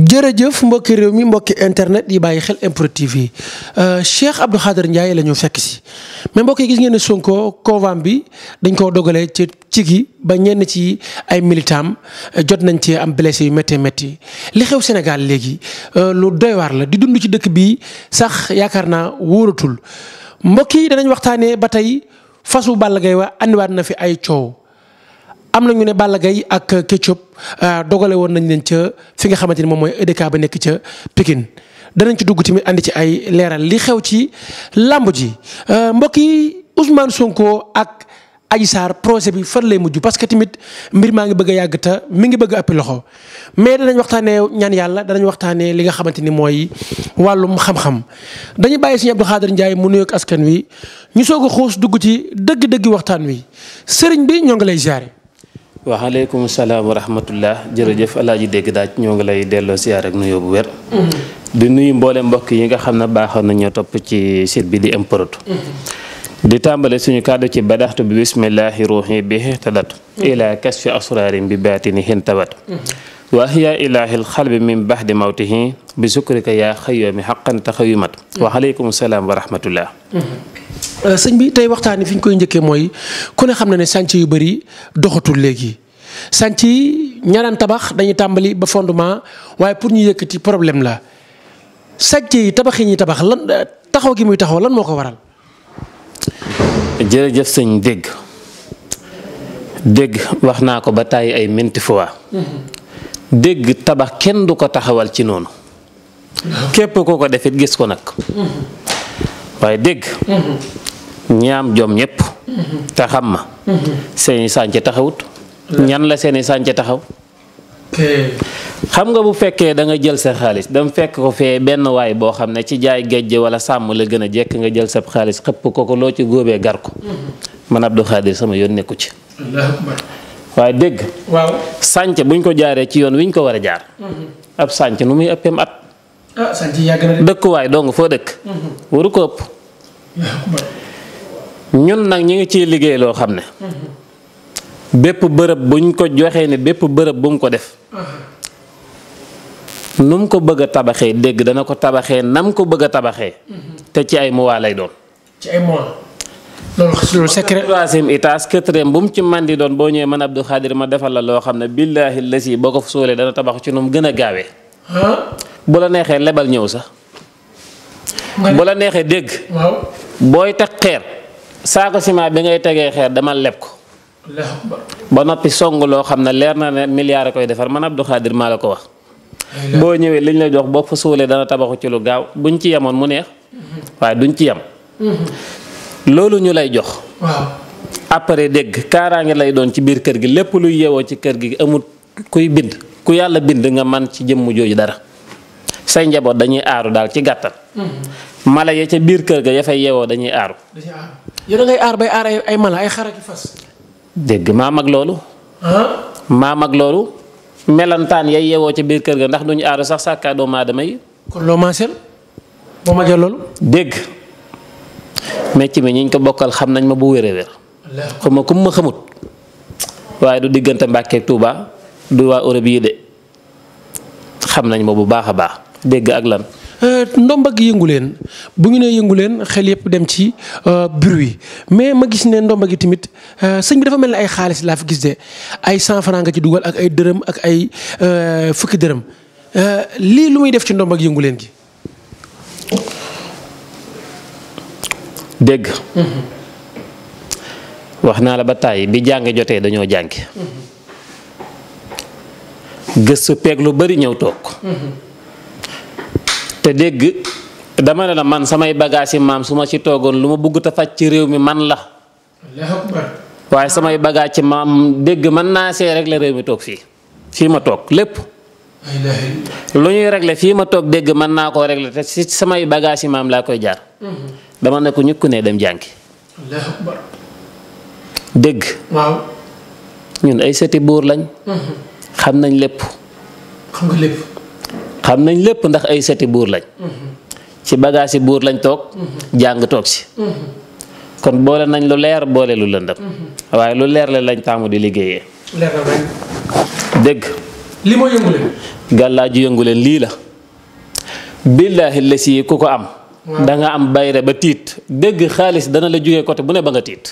jërëjëf mbokki réew mi mbokki internet yi bàyyi xel MPROD TV euh, Cheikh Abdou Khader Ndiaye la ñu fekk si mais mbokk yi gis ngeen ne Sonko convent bi dañ koo dogalee ci ci gi ba ñenn ci ay militam euh, jot nañ ci am blessé yu métti métti li xew Sénégal léegi euh, lu doy waar la di dund ci dëkk bi sax yaakaar naa wóoratul mbokk yi danañ waxtaanee ba tey fasu Balla Gaye wa andiwaat na fi ay coow. am na ñu ne Balla Gaye ak Ketchup euh, dogale woon nañ leen ca fi nga xamante ni moom mooy EDK ba nekk ca Pikine danañ ca dugg tamit andi ci ay leeral li xew ci làmb ji euh, mbokk yi Ousmane Sonko ak Adji Sarr projet bi fan lay mujj parce que tamit mbir maa ngi bëgg a yàgg te mi ngi bëgg a loxo mais danañ waxtaanee ñaan yàlla danañ waxtaanee li nga xamante ni mooy wàllum xam-xam dañu bàyyi Serigne Abdou Khadir Ndiaye mu nuyoog askan wi ñu soog a xuus dugg ci dëgg-dëgg waxtaan wi sëriñ bi ñoo ngi lay ziare. waaleykum salaam wa rahmatullah jërëjëf alaaji dégg daaj ñoo lay delloo siyaar bu wér mm-hmm. di nuyu mboole mbokk yi nga xam ne baaxoon nañoo topp ci site bi di Mprod mm-hmm. di tàmbale suñu kàddu ci badaxtu bi bismillahi ruuxi bi tadat mm-hmm. ila kasfi asraarin bi baatini hin tabat waa hiya ilaahil xalbi min baxdi mawtihi bi sukrika yaa mi xaqan taxayumat wa aleykum salaam wa rahmatullah uh, sëñ bi tey waxtaan yi fi ñu koy njëkkee mooy ku ne xam na ne sànc yu bari doxatul léegi sànc yi ñaaraan tabax dañuy tàmbali ba fondement waaye pour ñu ci problème la sànc yi tabax yi ñuy tabax lan taxaw gi muy taxaw lan moo ko waral. jërëjëf sëñ dégg dégg wax naa ko ba tàyyi ay minti tabax kenn du ko taxawal ci noonu. képp koo ko defit gis ko nag. waaye dégg. Mm-hmm. ñaam jom ñëpp. Mm-hmm. te xam ma. Mm-hmm. seen i taxawut. ñan la seeni sànce taxaw xam nga bu fekkee da nga jël sa xaalis dam fekk ko fee benn waay boo xam ne ci jaay géej wala sàmm la gën a jekk nga jël sa xaalis xëpp ko ko loo ci góobee gar ko mm-hmm. man Abdou Khadir sama yoon nekku ci waaye dégg sànc buñ ko jaaree ci yoon wiñ ko war a jaar mm-hmm. ab sànc nu muy ëppeem at ah, dëkkuwaay dong foo dëkk mm-hmm. waru ko ëpp ñun nag ñi ngi ciy liggéey loo xam ne bépp bërëb bu buñ ko joxee ne bépp bërëb bu mu ko def nu mu ko bëgg a tabaxee dégg dana ko tabaxee nam ko bëgg a tabaxee te ci ay mois lay doon ci ay mois loolu secret troisième étage quatrième bu mu ci man di doon boo ñëwee man Abdou Khadir ma defal la loo xam ne billaahi lasi boo ko sóolee dana tabax ci nu mu gën a gaawee bu la neexee lebal ñëw sax bu la neexee dégg booy teg xeer si ciment bi ngay tegee xeer dama leb ko ba noppi song loo xam ne leer na ne milliard a koy defar man Abdou Khadir maa la ko wax. boo ñëwee liñ la jox boo fa suulee dana tabaxu ci lu gaaw buñ ci yemoon mu neex. waaye duñ ci yem. loolu ñu lay jox. waaw après dégg kaaraange lay doon ci biir kër gi lépp luy yeewoo ci kër gi amut kuy bind ku yàlla bind nga man ci jëmm jooju dara say njaboot dañuy aaru daal ci gàttal. mala ya ca biir kër ga ya fay yeewoo dañuy aaru. dégg maa mag loolu. maa mag loolu. melentaan yay yewoo ci biir kër gi ndax duñu aaru sax sàkkaa doomu aadama yi. loo maaseel boo ma jël loolu. dégg mecc mi ñiñ ko bokkal xam nañ ma bu wér a wér. xam kum ma xamut. waaye du diggante Mbàkke tuuba du waa Europe yi de xam nañ ma bu baax a baax dégg ak lan. Euh, ndombag yëngu leen bu ñu nee yëngu leen xel yëpp dem ci euh, bruit mais ma gis ne ndomba gi tamit euh, sëñ bi dafa mel ni ay xaalis laa fi gis de ay cent franc nga ci dugal ak ay dërëm ak ay fukki dërëm lii lu muy def ci ndomba yëngu leen gi. dégg. Mm-hmm. wax naa la ba tàyyi bi jàng jotee dañoo jàngi. Mm-hmm. gëstu peeg lu bari ñëw toog. Mm-hmm. te dégg dama ne la man samay bagages yi maam su ma ci toogoon lu ma bugg te faj ci réew mi man la. waaye samay bagaas ci maam dégg man naa see régler réew mi toog fii fii ma toog lépp. lu ñuy régler fii ma toog dégg mën naa koo régler te si samay bagages yi maam laa koy jaar. Mm-hmm. dama ne ko ñukku ne dem jàngi. dégg. ñun ay sëti buur lañ. Mm-hmm. xam nañ lépp. xam nañ lépp ndax ay seti buur lañ ci bagage yi buur lañ toog jàng toog si kon boole nañ lu leer boole lu lëndëm waaye lu leer la lañ taamu di liggéeyee dégg li gàllaaju yëngu leen lii la billaahi la si ku ko am danga am bayre ba tiit dégg xaalis dana la jóge côté bu ne ba nga tiit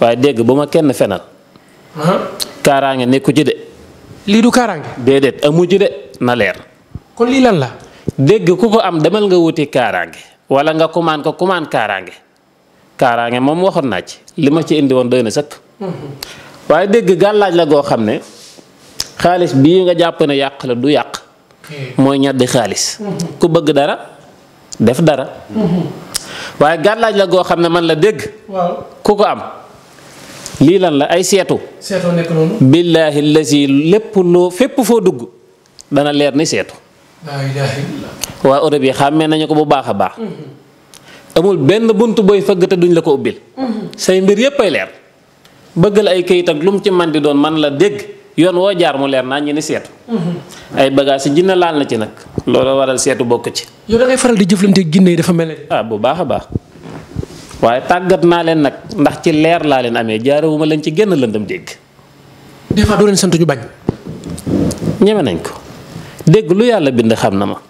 waaye dégg bu ma kenn fenal kaaraange nekku ci de lii du kaaraange. déedéet amu ci de na leer. kon lii lan la. dégg ku ko am demal nga wuti kaaraange wala nga kumaan ko kumaan kaaraange kaaraange moom waxoon naa ci li ma ci indi woon doy na sëkk. Mhm. waaye dégg gàllaaj la goo xam ne xaalis bii nga jàpp ne yàq la du yàq. mooy ñaddi xaalis. Mhm. ku bëgg dara def dara. Mhm. waaye gàllaaj la goo xam ne man la dégg. waaw ku ko am. lii lan la ay seetu. seetoo nekk noonu. billaahi lazi lépp loo fépp foo dugg dana leer ni seetu. waa Europe yi xàmmee nañu ko bu baax a baax. Mm-hmm. amul benn bunt booy fëgg te duñ la ko ubbil. Mm-hmm. say mbir yépp ay leer. la ay kayit ak lu mu ci man di doon man la dégg yoon woo jaar mu leer naa ñu ni seetu. Mm-hmm. ay bagages yi jinne laal na ci nag. loolu waral seetu bokk ci. yow da ngay faral di jëflante jinne yi dafa mel ne. ah bu baax a baax. waaye tàggat naa leen nag ndax ci leer laa leen amee jaarewuma leen ci génn lëndam dégg. des fois doo leen sant ñu bañ. ñeme nañ ko dégg lu yàlla bind xam na ma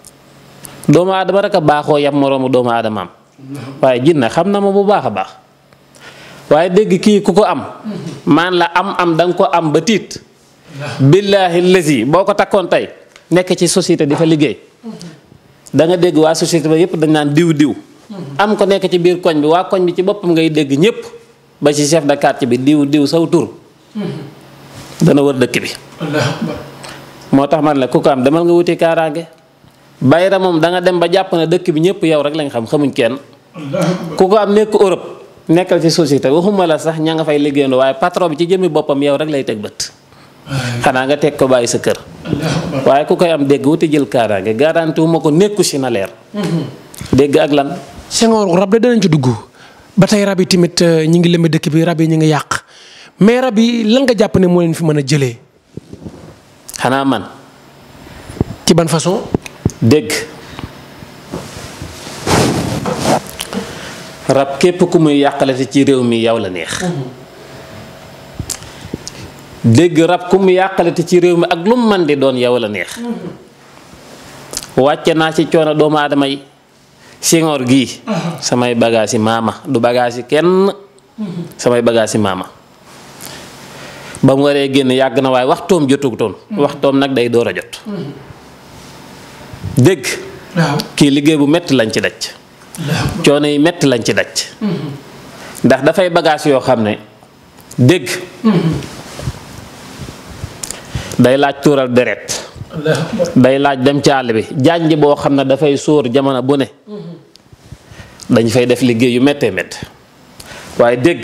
doomu aadama rek a baaxoo yam moroomu doomu aadamaam waaye jinne xam na ma bu baax a baax waaye dégg kii ku ko am maan la am am danga ko am ba tiit billaahi lazi boo ko takkoon tey nekk ci société di fa liggéey danga dégg waa société ba yépp dañ naan diw diw am ko nekk ci biir koñ bi waa koñ bi ci boppam ngay dégg ñëpp ba ci chef de quartier bi diw diw saw tur dana wër dëkk bi moo tax man la ku ko am demal nga wuti kaaraange bayra moom da nga dem ba jàpp na dëkk bi ñëpp yow rek lañ xam xamuñ kenn ku am nekk Europe nekkal ci société waxuma la sax ña nga fay liggéeyandoo waaye patron bi ci jëmmi boppam yow rek lay teg bët xanaa nga teg ko bàyyi sa kër waaye ku koy am dégg wuti jël kaaraange garanti ma ko nekku ci na leer mm-hmm. dégg ak lan Senghor rab da danañ ci dugg ba tey rab yi tamit euh, ñi ngi lëmbe dëkk bi rab yi ñu ngi yàq mais rab yi lan nga jàpp ne moo leen fi mën a jële xanaa man. ci ban façon. dégg rab képp ku muy yàqalati ci réew mi yow la neex. Mhm. dégg rab ku mu yàqalati ci réew mi ak lu mu man di doon yow la neex. Mhm. wàcce naa ci coono doomu aadama yi. singoor gii uh-huh. samay bagaas yi maama du bagaas yi kenn uh-huh. samay bagaas yi maama ba mu waree génn yàgg na waaye waxtoom jotugutoon uh-huh. waxtoom nag day door a jot dégg kii liggéey bu metti lañ ci daj coono yi metti lañ ci daj ndax dafay bagaas yoo xam ne dégg day laaj tuural deret day laaj dem ci àll bi jànj boo xam ne dafay sóor jamono bu ne dañ fay def liggéey yu méttee métt waaye dégg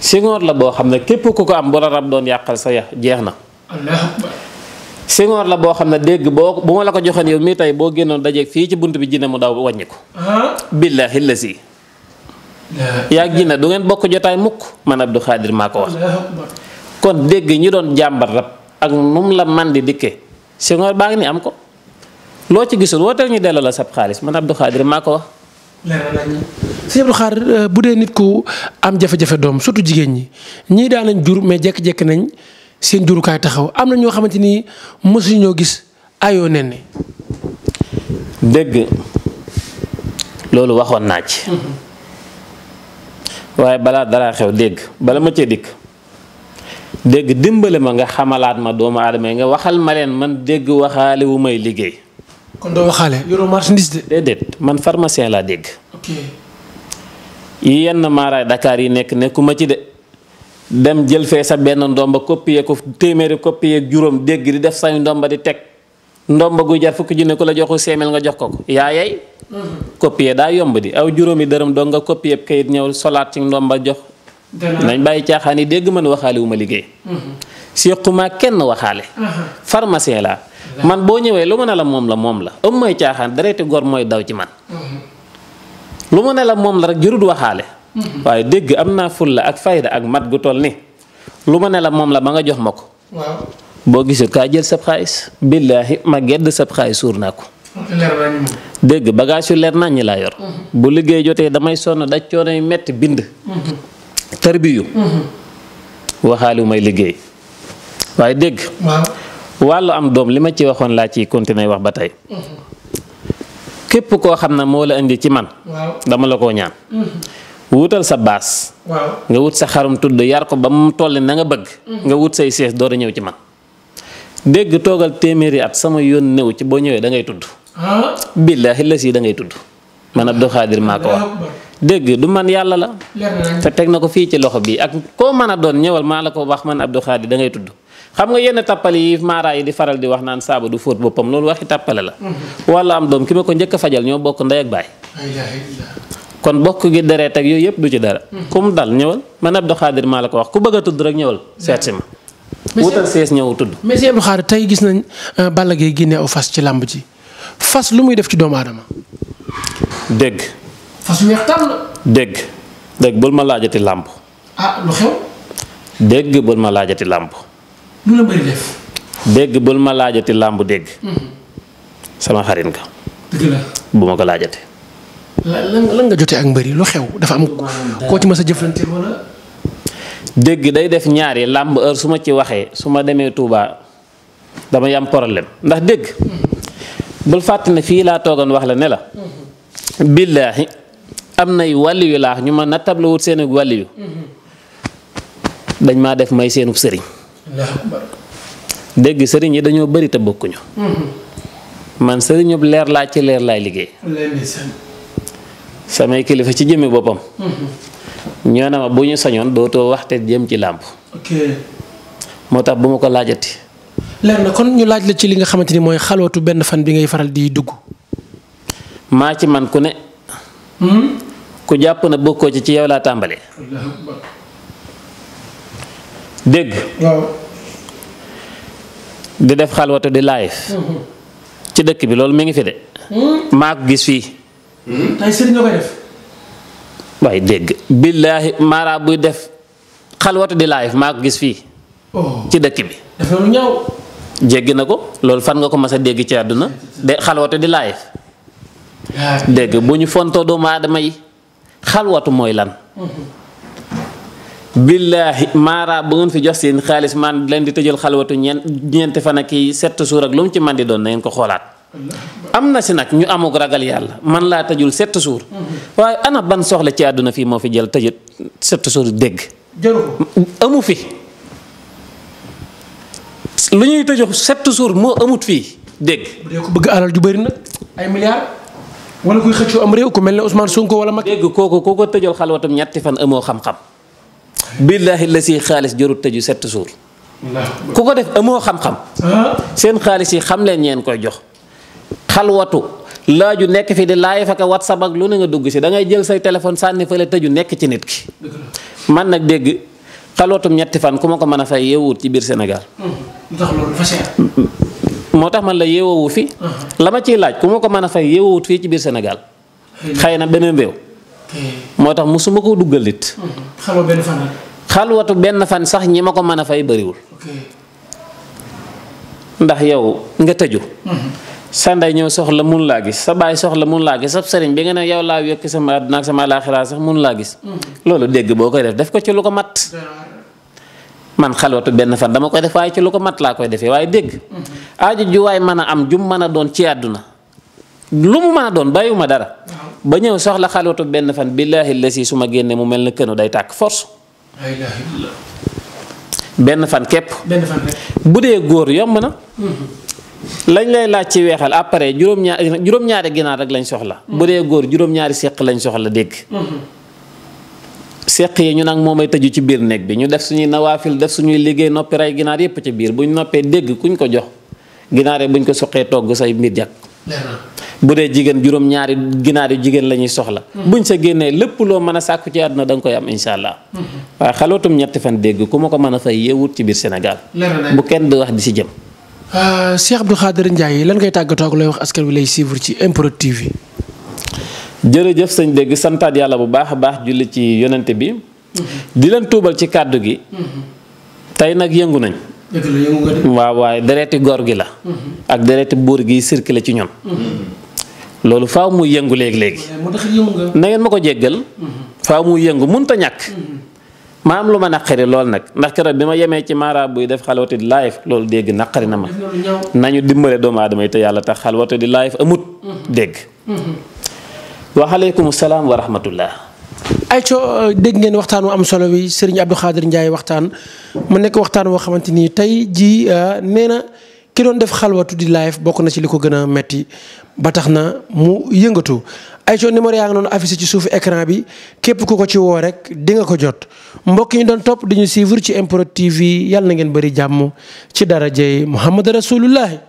singoor la boo xam ne képp ku ko am bu la rab doon yàqal sa ya jeex na singoor la boo xam ne dégg boo bu ma la boo génnoon dajeeg fii ci bunt bi jinne mu daw wàññi ko ah? billaahi la si yaa jinne du ngeen bokk jotaay mukk man Abdou Khadir maa ko wax kon dégg ñi doon jàmbat rab ak num la man di dikke Senghor baa ngi ni am ko loo ci gisul wooteel ñu delloo la sab xaalis man Abdou Khadir maa ko wax. sëñ Abdou Khadir euh, bu dee nit ku am jafe-jafe doom surtout jigéen ñi ñii daan nañ jur mais jékki-jékki nañ seen jurukaay taxaw am na ñoo xamante ni mosuñu ñoo gis ayoo nen ni loolu waxoon naa ci. Mm-hmm. waaye balaa dara xew dégg bala ma cee dikk. dégg dimbali ma nga xamalaat ma doomu aadama yi nga waxal ma leen man dégg waxaale wu may liggéey. kon doo waxaale yoroo man pharmacien laa dégg. ok yenn maaraay Dakar yi nekk nekkuma ci de dem jël fee sa benn ndomba copier ko téeméeri copier ak juróom dégg di def sañu ndomba di teg ndomba guy jar fukki junne ku la joxu seemel nga jox ko ko yaa yey. Mhm. copier daa yomb di aw juróomi dërëm doo nga copier kayit ñëw solaat ci ndomba jox. nañ bàyyi caaxaan yi dégg man waxaale wu ma liggéey mhm. séquma kenn waxaale pharmacien laa man boo ñëwee lu ma ne la moom la moom la ëm mooy caaxaan dereeti mooy daw ci man mhm. la moom la rek jurut waxaale mhm. waaye dégg am naa fulla ak fayda ak mat gu toll ni lu ma ne la moom la ba nga jox ma ko boo gisul kaa jël sab xaalis billaahi ma gedd sab xaalis suur naa ko dégg bagage yu leer nañ ñi laa yor bu liggéey jotee damay sonn daj coono metti bind tarbiyu waxaali may liggéey waaye dégg wàllu am doom li ma ci waxoon laa ciy continuer wax ba tey képp koo xam ne moo la indi ci man dama la ko ñaan wutal sa baas nga wut sa xarum tudd yar ko ba mu toll na nga bëgg nga wut say sees door a ñëw ci man dégg toogal téeméeri at sama yoon néew ci boo ñëwee da ngay tudd ah. billaahi la si da tudd man Abdou Khadir maa ko wax dégg du man yàlla la. te teg na ko fii ci loxo bi ak koo mën a doon ñëwal maa la ko wax man Abdou Khadi da ngay tudd. xam nga yenn tappale yi maara yi di faral di wax naan saaba du fóot boppam loolu waxi tappale la. Mhm. wala am doom ki ma ko njëkk fajal ñoo bokk ndey ak baay. kon bokk gi deret ak yooyu yëpp du ci dara. Mhm. ku mu dal ñëwal man Abdou Khadir maa la ko wax ku bëgga tudd rek ñëwal seet si ma. wutal sees ñëw tudd. tey gis nañ euh, bala Gaye ginne aw fas ci làmb ji fas lu muy def ci doomu aadama. fas yu weex tàll. dégg dégg bul ma laajati làmb. ah lu xew. dégg bul ma laajati làmb. lu la bëri def. dégg làmb dégg. Mhm. sama xarit nga. bu ma ko laajate. lan lan nga jotee ak mbëri lu xew dafa am ma sa jëflante dégg day def ñaari làmb heure su ma ci waxee su ma demee tuuba dama yam problème ndax dégg. Mhm. bul fàtte ne fii laa toogoon wax la ne la. Mhm. billaahi am nay wàlli yu laax ñu ma nattab la wut seen wàlli dañ maa def may seenub sëriñ dégg sëriñ yi dañoo bëri te bokkuñu mm-hmm. man sëriñub leer laa ci leer laay liggéey samay kilifa ci jëmmi boppam mm-hmm. ñoo ne ma bu ñu sañoon dootoo waxte jëm ci làmb moo tax bu ma ko laajati leer na kon ñu laaj la ci li nga xamante ni mooy xalootu benn fan bi ngay faral di dugg maa ci man ku ne hmm? ku jàpp na bokkoo ci ci yow laa tàmbalee dégg di def xalwatu di live ci dëkk bi loolu mi ngi fi de maa ko gis fii ay waaye dégg billaahi mara buy def xalwatu di live maa ko gis fii oh. ci dëkk bi dafa jéggi na ko loolu fan nga ko mas a dégg ci àdduna de xalwatu di live dégg bu ñu fontoo doomu aadama yi xalwatu mooy lan billaahi maara bu ngeen fi jox seen xaalis man leen di tëjal xalwatu ñeent ñeenti fan ak i sept jours ak lu mu ci man di doon na ngeen ko xoolaat am na si nag ñu amug ragal yàlla man laa tëjul sept jours waaye ban soxla ci àdduna fii moo fi jël tëjal sept jours dégg amu fi lu ñuy tëju sept jours moo amut fii dégg ko bëgg ju bëri nag wala kuy xëccoo am réew ku mel ne Ousmane Sonko wala mag. dégg kooku kooku tëjal xalwatam ñetti fan amoo xam-xam. billaahi la si xaalis jarut tëju set jours. ku ko def amoo xam-xam. seen xaalis yi xam leen ñeen koy jox. xalwatu laaju nekk fii di laay faka whatsapp ak lu ne nga dugg si da ngay jël say téléphone sànni fële tëju nekk ci nit ki. man nag dégg xalwatum ñetti fan ku ma ko mën a fay yeewut ci biir senegal hmm. moo tax man la yeewoowu fi. Uh-huh. la ma ciy laaj ku ma ko mën a fay yeewoowut fii ci biir Sénégal. xay na beneen réew. moo tax mosuma koo duggal it. Uh-huh. xalwa benn fan benn fan sax ñi ma ko mën a fay bariwul ndax yaw nga tëju. Uh-huh. sa ndey ñëw soxla mun laa gis sa baay soxla mun laa gis sa sëriñ bi yow laa yokki sama àdduna ak sama mun laa gis. loolu dégg boo koy def def ko ci lu ko mat. man xalwatu benn fan dama koy def waaye ci lu ko mat laa koy defee waaye dégg. aajo ju waay mën a am jum mën a doon ci àdduna lu mu mën a doon bàyyiwuma dara ba ñëw soxla xalwatu benn fan billaahi la si su ma génnee mu mel na kënu day tàkk force benn fan képp bu dee góor yomb na mm-hmm. lañ lay laaj ci weexal après juróom-ñaar ñaari ginaar rek lañ soxla bu dee góor juróom-ñaari seq lañ soxla dégg mm-hmm. seq yi ñu nag moom ay tëju ci biir néeg bi ñu def suñuy nawaafil def ñuy liggéey noppi rey ginaar yépp ci biir buñ noppee dégg kuñ ko jox ginaare buñ ko soqee togg say mbir jag bu dee jigéen juróom-ñaari ginaar yu jigéen la ñuy soxla hmm. buñ sa génnee lépp loo mën a sàkku ci àdduna da koy am insha allah hmm. waaye xalootum ñetti fan dégg ku ma ko mën a fay yeewut ci biir senegal bu kenn di wax di si jëm euh, Cheikh Abdou Khader yi lan ngay tàggatoo ak looy wax askan wi lay suivre ci MPROD TV jërëjëf sëñ dégg santaat yàlla bu baax a baax julli ci yonente bi hmm. di leen tuubal ci kàddu gi tey nag yëngu nañ waaw waaye dereti góor gi la. Mhm. ak dereti buur gi circulé ci ñun. Mhm. loolu faw muy yëngu léegi léegi. nangeen ma ko jéggal. Mhm. faw muy yëngu mënut a ñàkk. ma am lu ma naqari lool nag ndax keroog bi ma yemee ci mara buy def xalwati di live loolu dégg naqari na ma. nañu dimbale doomu aadama yi te yàlla tax xalwati di live amut. dégg. wa aleykum salaam wa rahmatullah. Aïcho euh, dégg ngeen waxtaan wu am solo wi Serigne Abdou Khadir Ndiaye waxtaan mu nekk waxtaan woo xamante nii tey jii euh, nee na ki doon def xalwatu di live bokk na ci li ko gën a metti ba tax na mu yëngatu. Aïcho numéro yaa ngi noonu affiché ci suuf ecran bi képp ku ko ci woo rek di ko jot mbokk yi ñu doon topp di ñu suivre ci MPROD TV yàlla na ngeen bari jàmm ci dara darajay Muhammad Rasulullah